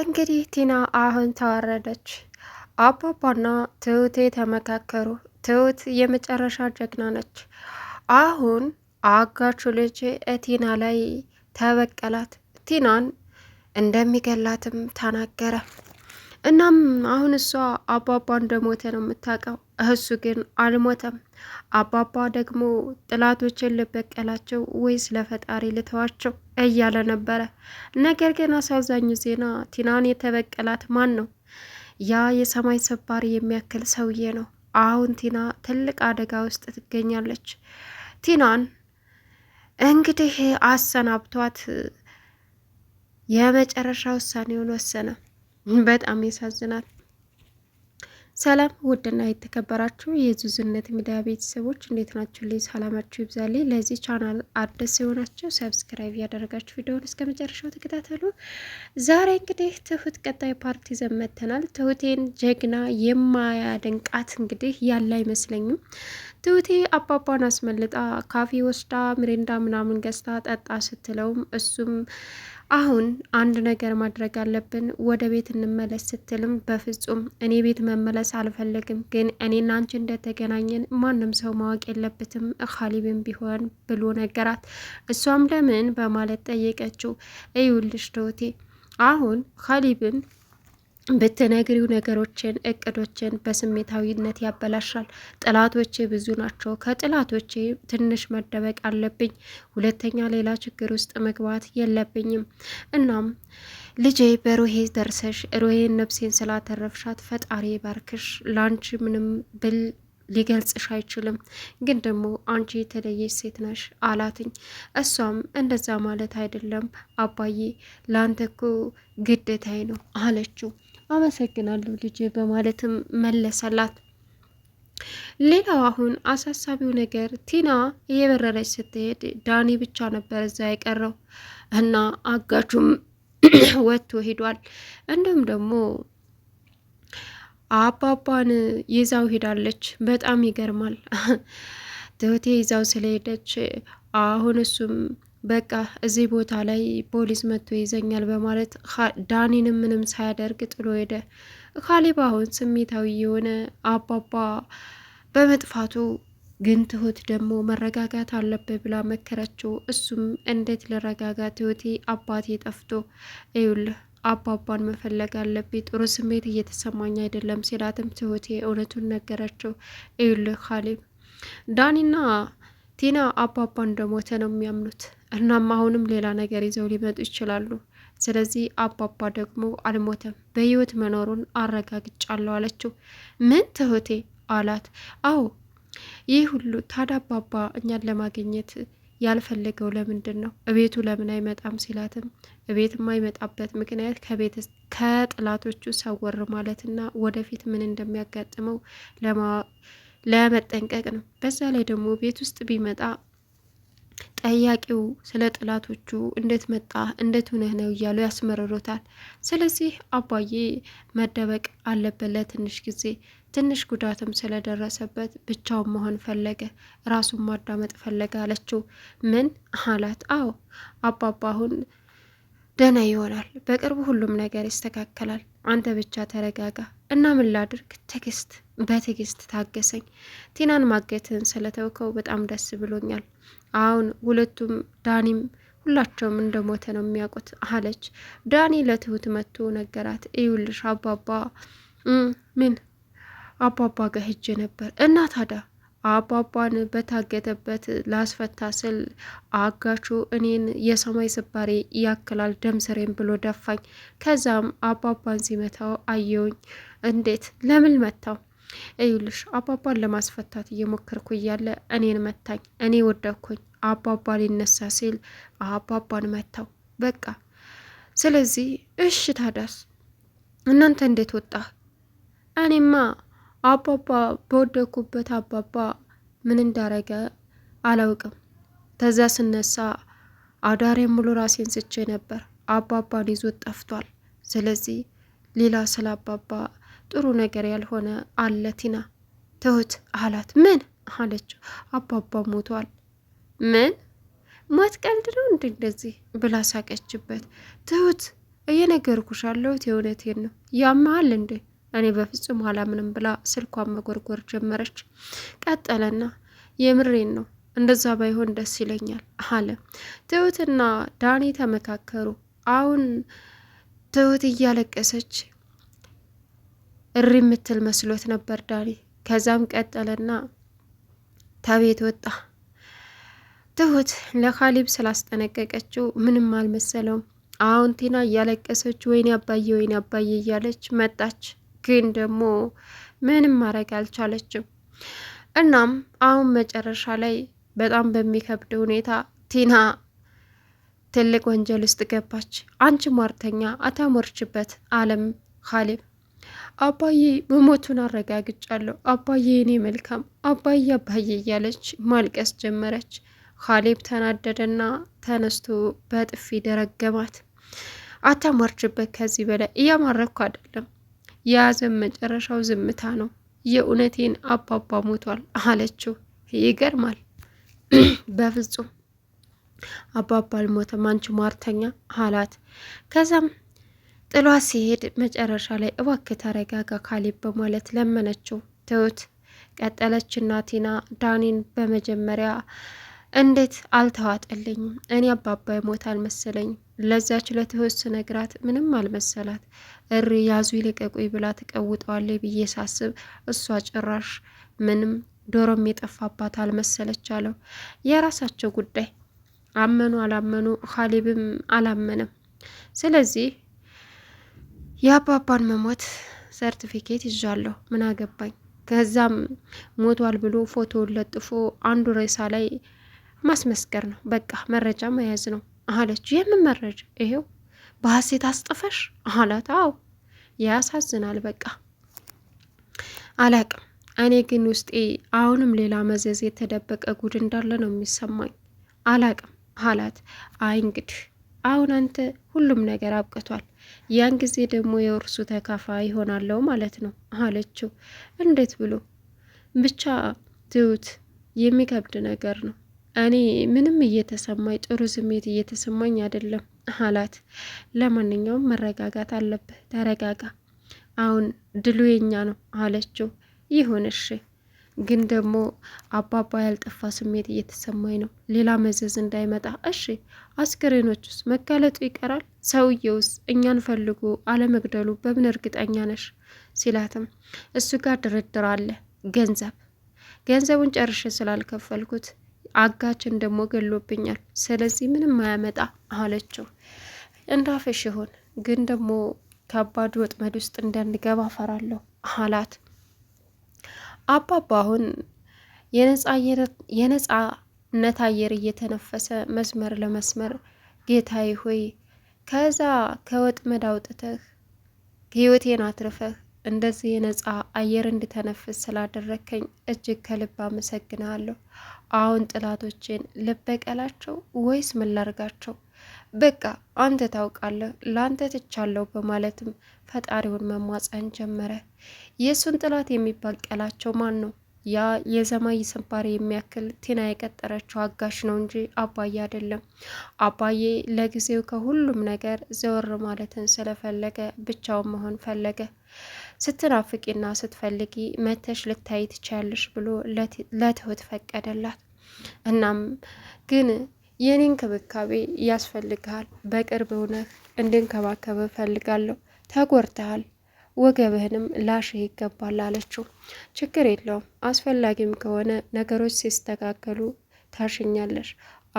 እንግዲህ ቲና አሁን ተዋረደች። አባባና ትሁቴ ተመካከሩ። ትሁት የመጨረሻ ጀግና ነች። አሁን አጋቹ ልጅ ቲና ላይ ተበቀላት። ቲናን እንደሚገላትም ተናገረ። እናም አሁን እሷ አባባ እንደሞተ ነው የምታውቀው። እሱ ግን አልሞተም። አባባ ደግሞ ጥላቶችን ልበቀላቸው ወይስ ለፈጣሪ ልተዋቸው እያለ ነበረ። ነገር ግን አሳዛኝ ዜና ቲናን የተበቀላት ማን ነው? ያ የሰማይ ሰባሪ የሚያክል ሰውዬ ነው። አሁን ቲና ትልቅ አደጋ ውስጥ ትገኛለች። ቲናን እንግዲህ አሰናብቷት የመጨረሻ ውሳኔውን ወሰነ። በጣም ያሳዝናል። ሰላም ውድና የተከበራችሁ የዙዙነት ሚዲያ ቤተሰቦች እንዴት ናችሁ? ልይ ሰላማችሁ ይብዛል። ለዚህ ቻናል አዲስ የሆናችሁ ሰብስክራይብ ያደረጋችሁ ቪዲዮውን እስከ መጨረሻው ተከታተሉ። ዛሬ እንግዲህ ትሁት ቀጣይ ፓርቲ ዘመተናል ትሁቴን ጀግና የማያደንቃት እንግዲህ ያለ አይመስለኝም። ትሁቴ አባባን አስመልጣ ካፌ ወስዳ ምሬንዳ ምናምን ገዝታ ጠጣ ስትለውም እሱም አሁን አንድ ነገር ማድረግ አለብን፣ ወደ ቤት እንመለስ ስትልም በፍጹም እኔ ቤት መመለስ አልፈልግም፣ ግን እኔና አንቺ እንደተገናኘን ማንም ሰው ማወቅ የለበትም ኻሊብም ቢሆን ብሎ ነገራት። እሷም ለምን በማለት ጠየቀችው። እዩልሽ ዶቴ አሁን ኻሊብን ብትነግሪው ነገሮችን እቅዶችን በስሜታዊነት ያበላሻል። ጥላቶቼ ብዙ ናቸው። ከጥላቶቼ ትንሽ መደበቅ አለብኝ። ሁለተኛ ሌላ ችግር ውስጥ መግባት የለብኝም። እናም ልጄ በሮሄ ደርሰሽ ሮሄን ነብሴን ስላተረፍሻት ፈጣሪ ባርክሽ። ላንቺ ምንም ብል ሊገልጽሽ አይችልም፣ ግን ደግሞ አንቺ የተለየች ሴት ነሽ አላትኝ። እሷም እንደዛ ማለት አይደለም አባዬ፣ ላንተ እኮ ግዴታዬ ነው አለችው። አመሰግናለሁ ልጄ በማለትም መለሰላት። ሌላው አሁን አሳሳቢው ነገር ቲና እየበረረች ስትሄድ ዳኒ ብቻ ነበር እዛ የቀረው እና አጋቹም ወጥቶ ሄዷል። እንዲሁም ደግሞ አባባን ይዛው ሄዳለች። በጣም ይገርማል። ትሁቴ ይዛው ስለሄደች አሁን እሱም በቃ እዚህ ቦታ ላይ ፖሊስ መጥቶ ይዘኛል በማለት ዳኒንም ምንም ሳያደርግ ጥሎ ሄደ። ካሌብ አሁን ስሜታዊ የሆነ አባባ በመጥፋቱ ግን ትሁት ደግሞ መረጋጋት አለብህ ብላ መከረችው። እሱም እንዴት ልረጋጋ ትሁቴ፣ አባቴ ጠፍቶ ይኸውልህ አባባን መፈለግ አለብኝ ጥሩ ስሜት እየተሰማኝ አይደለም ሲላትም ትሁቴ እውነቱን ነገረችው። ይኸውልህ ካሌብ ዳኒና ቲና አባባ እንደሞተ ነው የሚያምኑት። እናም አሁንም ሌላ ነገር ይዘው ሊመጡ ይችላሉ። ስለዚህ አባባ ደግሞ አልሞተም፣ በህይወት መኖሩን አረጋግጫለሁ አለችው። ምን ትሁቴ አላት። አዎ ይህ ሁሉ ታዲያ አባባ እኛን ለማግኘት ያልፈለገው ለምንድን ነው? እቤቱ ለምን አይመጣም ሲላትም እቤት የማይመጣበት ምክንያት ከጥላቶቹ ሰወር ማለትና ወደፊት ምን እንደሚያጋጥመው ለማ ለመጠንቀቅ ነው። በዛ ላይ ደግሞ ቤት ውስጥ ቢመጣ ጠያቂው ስለ ጥላቶቹ እንዴት መጣ እንዴት ሁነህ ነው እያሉ ያስመርሮታል። ስለዚህ አባዬ መደበቅ አለበት ለትንሽ ጊዜ። ትንሽ ጉዳትም ስለደረሰበት ብቻውን መሆን ፈለገ፣ ራሱን ማዳመጥ ፈለገ አለችው። ምን አላት? አዎ አባባ አሁን ደህና ይሆናል። በቅርቡ ሁሉም ነገር ይስተካከላል። አንተ ብቻ ተረጋጋ እና ምን ላድርግ? ትዕግስት ታገሰኝ። ቲናን ማገትህን ስለተውከው በጣም ደስ ብሎኛል። አሁን ሁለቱም ዳኒም ሁላቸውም እንደሞተ ነው የሚያውቁት አለች። ዳኒ ለትሁት መጥቶ ነገራት። እዩልሽ አባባ ምን አባባ ጋር ሄጄ ነበር እና ታዲያ አባቧን በታገተበት ላስፈታ ስል አጋቹ እኔን የሰማይ ስባሬ ያክላል ደምስሬን ብሎ ደፋኝ። ከዛም አባቧን ሲመታው አየውኝ። እንዴት ለምን መታው? እዩልሽ አባቧን ለማስፈታት እየሞከርኩ እያለ እኔን መታኝ። እኔ ወደኩኝ። አባባ ሊነሳ ሲል አባቧን መታው። በቃ ስለዚህ እሽ ታዳስ እናንተ እንዴት ወጣ? እኔማ አባባ በወደኩበት አባባ ምን እንዳረገ አላውቅም። ተዛ ስነሳ አዳሬ ሙሉ ራሴን ስቼ ነበር። አባባን ይዞት ጠፍቷል። ስለዚህ ሌላ ስለ አባባ ጥሩ ነገር ያልሆነ አለ ቲና ትሁት አላት። ምን አለችው? አባባ ሞቷል። ምን ሞት ቀልድ ነው እንደ እንደዚህ ብላ ሳቀችበት። ትሁት እየነገርኩሻለሁት የእውነቴን ነው። ያመሃል እንዴ? እኔ በፍጹም ኋላ ምንም ብላ ስልኳን መጎርጎር ጀመረች። ቀጠለና የምሬን ነው እንደዛ ባይሆን ደስ ይለኛል አለ። ትሁትና ዳኒ ተመካከሩ። አሁን ትሁት እያለቀሰች እሪ የምትል መስሎት ነበር ዳኒ። ከዛም ቀጠለና ተቤት ወጣ። ትሁት ለካሊብ ስላስጠነቀቀችው ምንም አልመሰለውም። አሁን ቲና እያለቀሰች ወይኔ አባዬ ወይኔ አባዬ እያለች መጣች። ግን ደግሞ ምንም ማድረግ አልቻለችም። እናም አሁን መጨረሻ ላይ በጣም በሚከብድ ሁኔታ ቲና ትልቅ ወንጀል ውስጥ ገባች። አንቺ ሟርተኛ አታሞርችበት አለም ካሌብ አባዬ መሞቱን አረጋግጫለሁ፣ አባዬ እኔ መልካም አባዬ አባዬ እያለች ማልቀስ ጀመረች። ካሌብ ተናደደና ተነስቶ በጥፊ ደረገማት። አታሟርችበት ከዚህ በላይ እያማረኩ አይደለም የያዘን መጨረሻው ዝምታ ነው። የእውነቴን አባባ ሞቷል አለችው። ይገርማል። በፍጹም አባባ አልሞተም አንቺ ሟርተኛ አላት። ከዛም ጥሏ ሲሄድ መጨረሻ ላይ እባክህ ተረጋጋ ካሌብ በማለት ለመነችው። ትሁት ቀጠለችና ቲና ዳኒን በመጀመሪያ እንዴት አልተዋጠልኝም እኔ አባባ ሞት አልመሰለኝም ለዛች ለትሁት ስነግራት ምንም አልመሰላት። እሪ ያዙ ይልቀቁኝ ብላ ትቀውጠዋለች ብዬ ሳስብ እሷ ጭራሽ ምንም ዶሮም የጠፋባት አልመሰለች አለው። የራሳቸው ጉዳይ አመኑ አላመኑ፣ ካሌብም አላመነም። ስለዚህ የአባባን መሞት ሰርቲፊኬት ይዣለሁ፣ ምን አገባኝ። ከዛም ሞቷል ብሎ ፎቶውን ለጥፎ አንዱ ሬሳ ላይ ማስመስከር ነው። በቃ መረጃ መያዝ ነው። አለች። የምን መረጃ? ይሄው በሀሴት አስጥፈሽ አላት። አዎ ያሳዝናል። በቃ አላቅም። እኔ ግን ውስጤ አሁንም ሌላ መዘዝ የተደበቀ ጉድ እንዳለ ነው የሚሰማኝ። አላቅም አላት። አይ እንግዲህ አሁን አንተ ሁሉም ነገር አብቅቷል። ያን ጊዜ ደግሞ የእርሱ ተካፋ ይሆናለው ማለት ነው አለችው። እንዴት ብሎ ብቻ ትሁት የሚከብድ ነገር ነው። እኔ ምንም እየተሰማኝ ጥሩ ስሜት እየተሰማኝ አይደለም አላት። ለማንኛውም መረጋጋት አለብህ፣ ተረጋጋ። አሁን ድሉ የኛ ነው አለችው። ይሁን እሺ፣ ግን ደግሞ አባባ ያልጠፋ ስሜት እየተሰማኝ ነው፣ ሌላ መዘዝ እንዳይመጣ። እሺ፣ አስክሬኖቹስ መጋለጡ ይቀራል? ሰውየውስ እኛን ፈልጎ አለመግደሉ በምን እርግጠኛ ነሽ? ሲላትም እሱ ጋር ድርድር አለ፣ ገንዘብ ገንዘቡን ጨርሼ ስላልከፈልኩት አጋችን ደግሞ ገሎብኛል፣ ስለዚህ ምንም አያመጣ አለችው። እንዳፈሽ ይሆን ግን ደግሞ ከባድ ወጥመድ ውስጥ እንዳንገባ ፈራለሁ አላት። አባባ አሁን የነጻነት አየር እየተነፈሰ መስመር ለመስመር ጌታዬ ሆይ ከዛ ከወጥመድ አውጥተህ ህይወቴን አትርፈህ እንደዚህ የነጻ አየር እንድተነፍስ ስላደረግከኝ እጅግ ከልብ አመሰግናለሁ። አሁን ጥላቶቼን ልበቀላቸው ወይስ ምን ላርጋቸው? በቃ አንተ ታውቃለህ፣ ለአንተ ትቻለሁ በማለትም ፈጣሪውን መሟጸን ጀመረ። የእሱን ጥላት የሚበቀላቸው ማን ነው? ያ የዘማይ ስንባሪ የሚያክል ቲና የቀጠረችው አጋሽ ነው እንጂ አባዬ አይደለም። አባዬ ለጊዜው ከሁሉም ነገር ዘወር ማለትን ስለፈለገ ብቻውን መሆን ፈለገ። ስትናፍቂና ስትፈልጊ መተሽ ልታይ ትችያለሽ ብሎ ለትሁት ፈቀደላት። እናም ግን የኔ እንክብካቤ ያስፈልግሃል፣ በቅርብ ሆነህ እንድንከባከብ ፈልጋለሁ ተጎርተሃል፣ ወገብህንም ላሽህ ይገባል አለችው። ችግር የለውም አስፈላጊም ከሆነ ነገሮች ሲስተካከሉ ታሽኛለሽ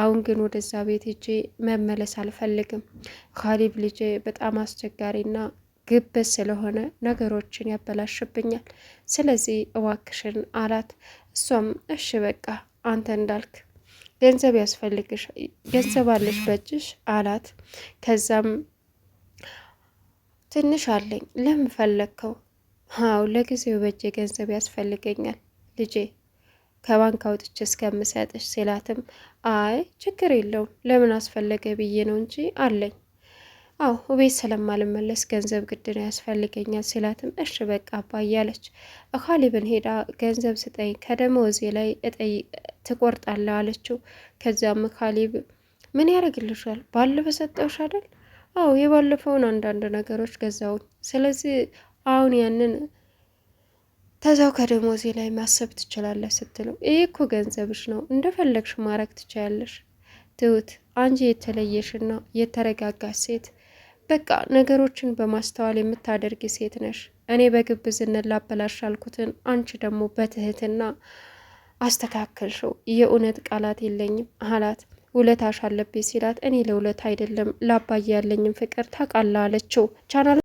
አሁን ግን ወደዛ ቤት ሄጄ መመለስ አልፈልግም። ካሊብ ልጄ በጣም አስቸጋሪና ግብዝ ስለሆነ ነገሮችን ያበላሽብኛል፣ ስለዚህ እዋክሽን አላት። እሷም እሺ በቃ አንተ እንዳልክ ገንዘብ ያስፈልግሽ ገንዘብ አለሽ በእጅሽ አላት። ከዛም ትንሽ አለኝ ለምን ፈለግከው? አዎ ለጊዜው በእጄ ገንዘብ ያስፈልገኛል ልጄ ከባንክ አውጥቼ እስከምሰጥሽ ሲላትም አይ ችግር የለውም ለምን አስፈለገ ብዬ ነው እንጂ አለኝ አዎ እቤት ስለማልመለስ ገንዘብ ግድ ነው ያስፈልገኛል ሲላትም እሽ በቃ አባ እያለች ካሌብን ሄዳ ገንዘብ ስጠኝ ከደመወዜ ላይ እጠይ ትቆርጣለህ አለችው። ከዚያም ካሌብ ምን ያደርግልሻል ባለፈ ሰጠውሽ አይደል? አዎ የባለፈውን አንዳንድ ነገሮች ገዛውኝ። ስለዚህ አሁን ያንን ከደሞ ከደሞዜ ላይ ማሰብ ትችላለህ ስትለው ይህ እኮ ገንዘብሽ ነው እንደፈለግሽ ማረግ ትችያለሽ። ትሁት አንቺ የተለየሽና የተረጋጋች ሴት በቃ ነገሮችን በማስተዋል የምታደርግ ሴት ነሽ። እኔ በግብዝነት ላበላሽ ያልኩትን አንቺ ደግሞ በትህትና አስተካከልሽው። የእውነት ቃላት የለኝም አላት። ውለታሽ አለብኝ ሲላት እኔ ለውለት አይደለም ላባዬ ያለኝም ፍቅር ታውቃለህ አለችው። ቻናል